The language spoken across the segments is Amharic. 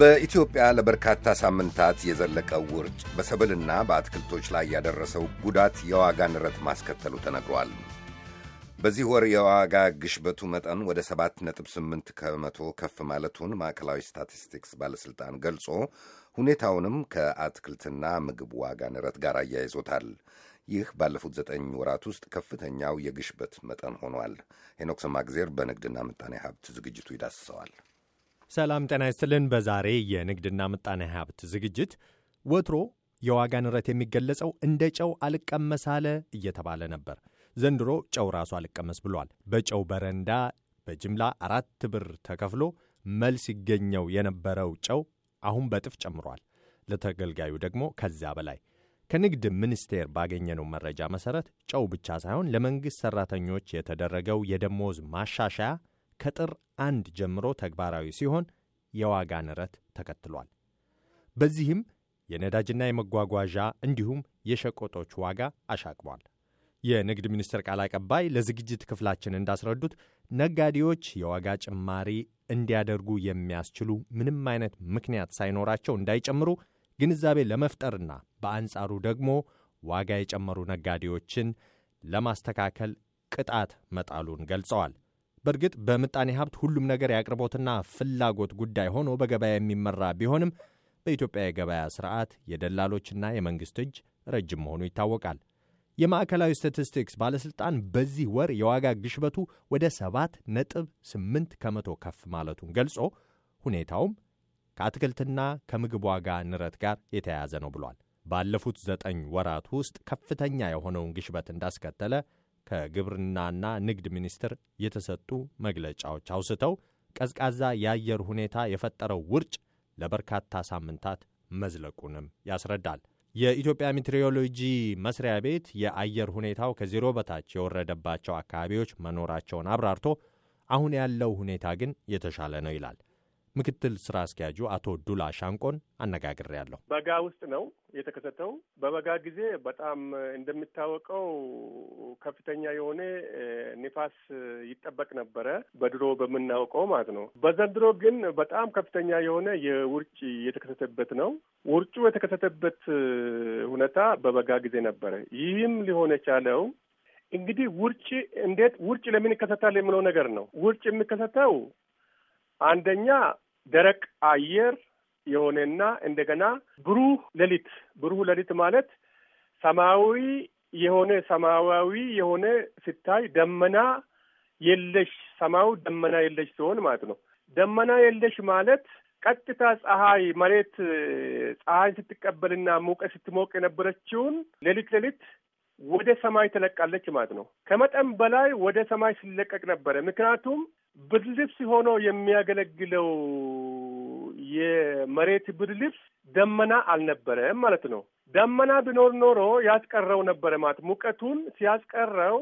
በኢትዮጵያ ለበርካታ ሳምንታት የዘለቀው ውርጭ በሰብልና በአትክልቶች ላይ ያደረሰው ጉዳት የዋጋ ንረት ማስከተሉ ተነግሯል። በዚህ ወር የዋጋ ግሽበቱ መጠን ወደ 7.8 ከመቶ ከፍ ማለቱን ማዕከላዊ ስታቲስቲክስ ባለሥልጣን ገልጾ ሁኔታውንም ከአትክልትና ምግብ ዋጋ ንረት ጋር አያይዞታል። ይህ ባለፉት ዘጠኝ ወራት ውስጥ ከፍተኛው የግሽበት መጠን ሆኗል። ሄኖክ ሰማግዜር በንግድና ምጣኔ ሀብት ዝግጅቱ ይዳስሰዋል። ሰላም ጤና ይስጥልን። በዛሬ የንግድና ምጣኔ ሀብት ዝግጅት ወትሮ የዋጋ ንረት የሚገለጸው እንደ ጨው አልቀመሳለ እየተባለ ነበር። ዘንድሮ ጨው ራሱ አልቀመስ ብሏል። በጨው በረንዳ በጅምላ አራት ብር ተከፍሎ መልስ ይገኘው የነበረው ጨው አሁን በጥፍ ጨምሯል። ለተገልጋዩ ደግሞ ከዛ በላይ ከንግድ ሚኒስቴር ባገኘነው መረጃ መሰረት ጨው ብቻ ሳይሆን ለመንግሥት ሠራተኞች የተደረገው የደሞዝ ማሻሻያ ከጥር አንድ ጀምሮ ተግባራዊ ሲሆን የዋጋ ንረት ተከትሏል። በዚህም የነዳጅና የመጓጓዣ እንዲሁም የሸቀጦች ዋጋ አሻቅቧል። የንግድ ሚኒስቴር ቃል አቀባይ ለዝግጅት ክፍላችን እንዳስረዱት ነጋዴዎች የዋጋ ጭማሪ እንዲያደርጉ የሚያስችሉ ምንም አይነት ምክንያት ሳይኖራቸው እንዳይጨምሩ ግንዛቤ ለመፍጠርና በአንጻሩ ደግሞ ዋጋ የጨመሩ ነጋዴዎችን ለማስተካከል ቅጣት መጣሉን ገልጸዋል። በእርግጥ በምጣኔ ሀብት ሁሉም ነገር የአቅርቦትና ፍላጎት ጉዳይ ሆኖ በገበያ የሚመራ ቢሆንም በኢትዮጵያ የገበያ ስርዓት የደላሎችና የመንግሥት እጅ ረጅም መሆኑ ይታወቃል። የማዕከላዊ ስታቲስቲክስ ባለሥልጣን በዚህ ወር የዋጋ ግሽበቱ ወደ 7 ነጥብ 8 ከመቶ ከፍ ማለቱን ገልጾ ሁኔታውም ከአትክልትና ከምግብ ዋጋ ንረት ጋር የተያያዘ ነው ብሏል። ባለፉት ዘጠኝ ወራት ውስጥ ከፍተኛ የሆነውን ግሽበት እንዳስከተለ ከግብርናና ንግድ ሚኒስቴር የተሰጡ መግለጫዎች አውስተው ቀዝቃዛ የአየር ሁኔታ የፈጠረው ውርጭ ለበርካታ ሳምንታት መዝለቁንም ያስረዳል። የኢትዮጵያ ሜትሮሎጂ መስሪያ ቤት የአየር ሁኔታው ከዜሮ በታች የወረደባቸው አካባቢዎች መኖራቸውን አብራርቶ አሁን ያለው ሁኔታ ግን የተሻለ ነው ይላል። ምክትል ስራ አስኪያጁ አቶ ዱላ ሻንቆን አነጋግሬያለሁ። በጋ ውስጥ ነው የተከሰተው። በበጋ ጊዜ በጣም እንደሚታወቀው ከፍተኛ የሆነ ንፋስ ይጠበቅ ነበረ፣ በድሮ በምናውቀው ማለት ነው። በዘንድሮ ግን በጣም ከፍተኛ የሆነ የውርጭ የተከሰተበት ነው። ውርጩ የተከሰተበት ሁኔታ በበጋ ጊዜ ነበረ። ይህም ሊሆን የቻለው እንግዲህ ውርጭ እንዴት ውርጭ ለምን ይከሰታል የሚለው ነገር ነው። ውርጭ የሚከሰተው አንደኛ ደረቅ አየር የሆነና እንደገና ብሩህ ሌሊት፣ ብሩህ ሌሊት ማለት ሰማያዊ የሆነ ሰማያዊ የሆነ ሲታይ ደመና የለሽ ሰማዩ ደመና የለሽ ሲሆን ማለት ነው። ደመና የለሽ ማለት ቀጥታ ፀሐይ መሬት ፀሐይ ስትቀበልና ሙቀት ስትሞቅ የነበረችውን ሌሊት ሌሊት ወደ ሰማይ ትለቃለች ማለት ነው። ከመጠን በላይ ወደ ሰማይ ሲለቀቅ ነበረ። ምክንያቱም ብርድ ልብስ ሆኖ የሚያገለግለው የመሬት ብርድ ደመና አልነበረም ማለት ነው። ደመና ቢኖር ኖሮ ያስቀረው ነበረ ማለት ሙቀቱን ሲያስቀረው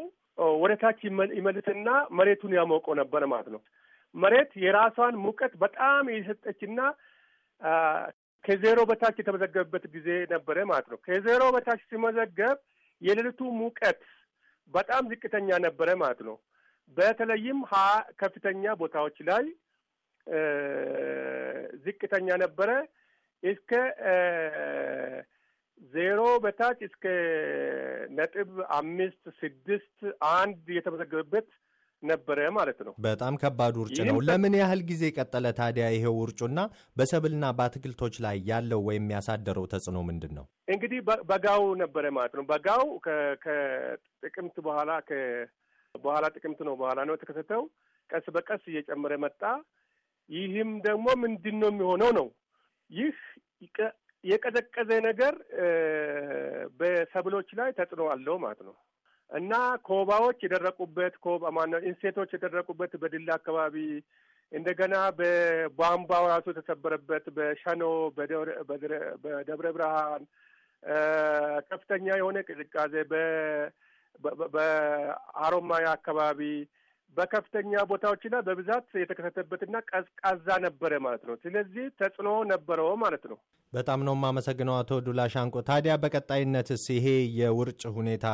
ወደ ታች ይመልስና መሬቱን ያሞቀው ነበረ ማለት ነው። መሬት የራሷን ሙቀት በጣም የሰጠችና ከዜሮ በታች የተመዘገበበት ጊዜ ነበረ ማለት ነው። ከዜሮ በታች ሲመዘገብ የሌሊቱ ሙቀት በጣም ዝቅተኛ ነበረ ማለት ነው። በተለይም ሀ ከፍተኛ ቦታዎች ላይ ዝቅተኛ ነበረ። እስከ ዜሮ በታች እስከ ነጥብ አምስት ስድስት አንድ የተመዘገበበት ነበረ ማለት ነው። በጣም ከባድ ውርጭ ነው። ለምን ያህል ጊዜ ቀጠለ ታዲያ ይሄው ውርጩና በሰብልና በአትክልቶች ላይ ያለው ወይም ያሳደረው ተጽዕኖ ምንድን ነው? እንግዲህ በጋው ነበረ ማለት ነው። በጋው ከጥቅምት በኋላ በኋላ ጥቅምት ነው በኋላ ነው የተከሰተው። ቀስ በቀስ እየጨመረ መጣ። ይህም ደግሞ ምንድን ነው የሚሆነው ነው ይህ የቀዘቀዘ ነገር በሰብሎች ላይ ተጽዕኖ አለው ማለት ነው እና ኮባዎች የደረቁበት ኮባ ማነው ኢንሴቶች የደረቁበት በድላ አካባቢ እንደገና በቧንቧ ራሱ የተሰበረበት በሸኖ በደብረ ብርሃን ከፍተኛ የሆነ ቅዝቃዜ በአሮማያ አካባቢ በከፍተኛ ቦታዎችና በብዛት የተከሰተበትና ቀዝቃዛ ነበረ ማለት ነው። ስለዚህ ተጽዕኖ ነበረው ማለት ነው። በጣም ነው የማመሰግነው አቶ ዱላ ሻንቆ። ታዲያ በቀጣይነትስ ይሄ የውርጭ ሁኔታ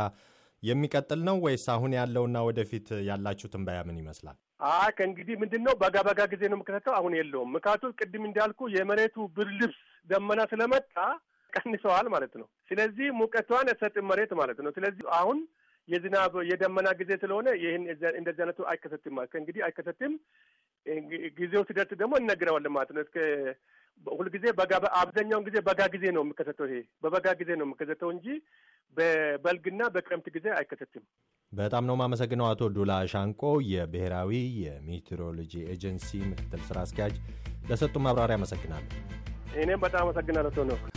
የሚቀጥል ነው ወይስ አሁን ያለውና ወደፊት ያላችሁ ትንበያ ምን ይመስላል? አይ ከእንግዲህ ምንድን ነው በጋ በጋ ጊዜ ነው የምከሰተው። አሁን የለውም። ምክንያቱ ቅድም እንዳልኩ የመሬቱ ብር ልብስ ደመና ስለመጣ ቀንሰዋል ማለት ነው። ስለዚህ ሙቀቷን እሰጥ መሬት ማለት ነው። ስለዚህ አሁን የዝናብ የደመና ጊዜ ስለሆነ ይህን እንደዚህ አይነቱ አይከሰትም ማለት ከእንግዲህ አይከሰትም። ጊዜው ሲደርስ ደግሞ እነግረዋለን ማለት ነው። እስከ ሁልጊዜ በጋ አብዛኛውን ጊዜ በጋ ጊዜ ነው የሚከሰተው። ይሄ በበጋ ጊዜ ነው የሚከሰተው እንጂ በበልግና በክረምት ጊዜ አይከሰትም። በጣም ነው የማመሰግነው አቶ ዱላ ሻንቆ የብሔራዊ የሜትሮሎጂ ኤጀንሲ ምክትል ስራ አስኪያጅ ለሰጡ ማብራሪያ አመሰግናለሁ። እኔም በጣም አመሰግናለሁ ነው